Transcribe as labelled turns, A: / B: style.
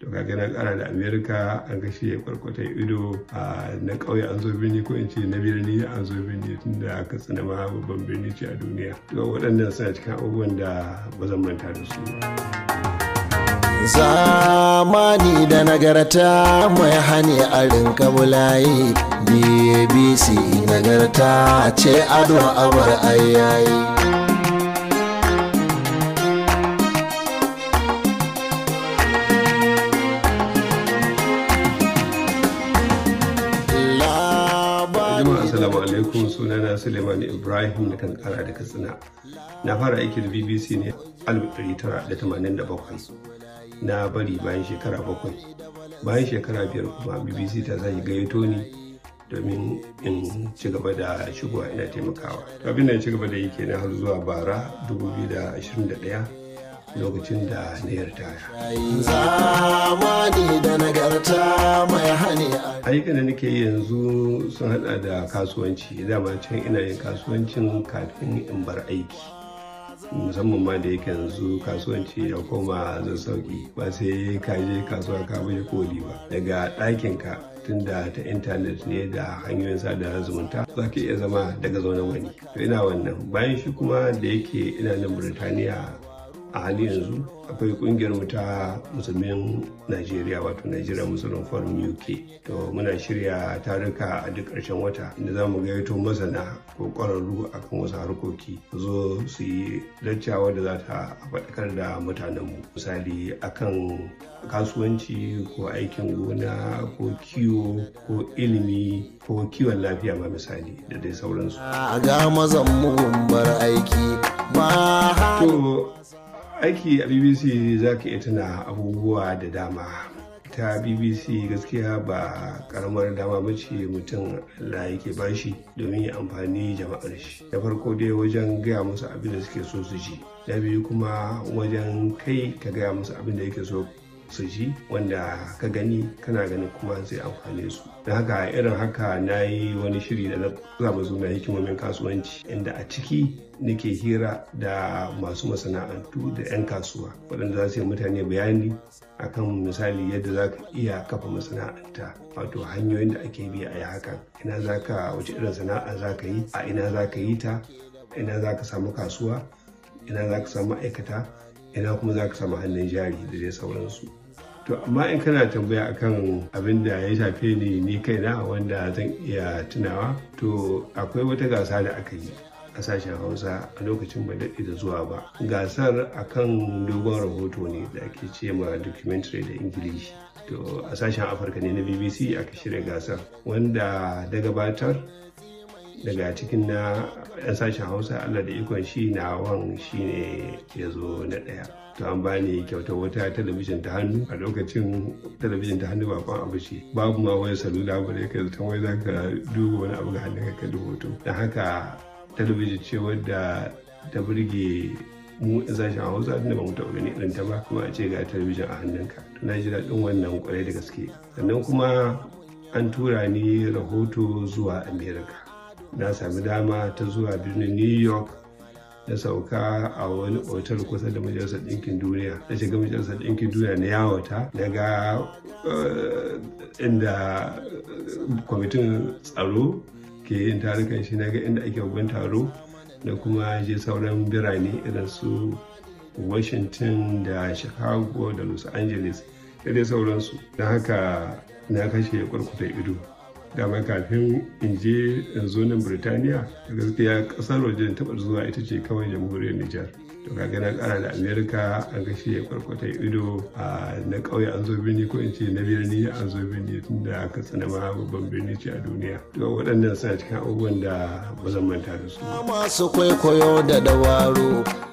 A: to kaga na kara da america an ga shi ya kwarkwata ido a na kauye an zo birni ko in ce na birni an zo birni tun da aka tsina ma babban birni ce a duniya to waɗannan suna cikin abubuwan da ba zan manta da su zamani da nagarta mai hane a rinka bulayi bbc nagarta ce ado abar ayayi Jama'a assalamu alaikum sunana Suleiman Ibrahim na kankara da Katsina. Na fara aiki da BBC ne 1987 na bari bayan shekara bakwai. Bayan shekara biyar kuma BBC ta zai gayyato ni domin in ci gaba da shigowa ina taimakawa. Abin da ci gaba da yake na har zuwa bara 2021 lokacin da na yarda ayyukan da nake yanzu sun hada da kasuwanci dama can ina yin kasuwancin kafin in bar aiki musamman ma da yake yanzu kasuwanci ya koma zan sauki ba sai ka je kasuwa ka bai koli ba daga ɗakin ka tunda ta intanet ne da hanyoyin sada zumunta za ka iya zama daga zaune wani to ina wannan bayan shi kuma da yake ina nan burtaniya a hali yanzu akwai kungiyar mu ta musulmin najeriya wato nigeria muslim forum uk to muna shirya taruka a duk ƙarshen wata inda za mu gaito masana ko ƙwararru akan wasu harkoki zo su yi daccawa da za ta faɗakar da mutanenmu misali akan kasuwanci ko aikin gona ko kiwo ko ilimi ko kiwon lafiya ma misali da dai sauransu. ga mazan mu bar aiki ba aiki a bbc za ka iya tuna abubuwa da dama ta bbc gaskiya ba karamar dama ba ce mutum la yake bashi domin ya amfani jama'ar shi da farko dai wajen gaya musu abin da suke so su ji da biyu kuma wajen kai ka gaya musu abin da yake so su ji wanda ka gani kana gani kuma zai amfane su da haka irin haka na yi wani shiri da na zama zuna hikimomin kasuwanci inda a ciki nake hira da masu masana'antu da 'yan kasuwa waɗanda za su yi mutane bayani akan misali yadda za ka iya kafa masana'anta wato hanyoyin da ake bi a yi hakan ina za ka wace irin sana'a za ka yi a ina za ka yi ta ina za ka samu kasuwa ina za ka samu ma'aikata ina kuma za ka samu hannun jari da dai sauransu To amma in kana tambaya akan abin da ya shafe ni ni kaina wanda zan iya tunawa to akwai wata gasa da aka yi a sashen hausa a lokacin ba daɗe da zuwa ba gasar akan dogon rahoto ne da ake ce ma documentary da ingilishi to a sashen afirka ne na bbc aka shirya gasar wanda da gabatar daga cikin na 'yan sashen hausa allah da ikon shi na wan shi ne ya zo na ɗaya to an ba ni kyautar wata talabijin ta hannu a lokacin talabijin ta hannu bakon abu shi babu ma wani salula ba da kai zaton wai za ka duba wani abu ga hannun ka hoto don haka talabijin ce wadda ta burge mu in sashen hausa da ba mu taɓa gani irin ta ba kuma a ce ga talabijin a hannunka to na ji daɗin wannan kwarai da gaske sannan kuma an tura ni rahoto zuwa america na sami dama ta zuwa birnin new york na sauka a wani otal kusa da majalisar ɗinkin duniya na shiga majalisar ɗinkin duniya na yawata daga eh, inda eh, kwamitin tsaro ke yin tarukan shi na ga inda ake babban taro da kuma je sauran birane irin su washington da chicago da los angeles da dai sauransu don haka na kashe kwarkuta ido dama kafin in je in zo nan birtaniya gaskiya kasar waje da taɓa zuwa ita ce kawai jamhuriyar nijar to ga na kara da amerika an ga shi ya kwarkwata ido a na ƙauye an zo birni ko in ce na birni an zo birni tun da aka tsana ma babban birni ce a duniya to waɗannan suna cikin abubuwan da ba zan manta da su masu kwaikwayo da dawaro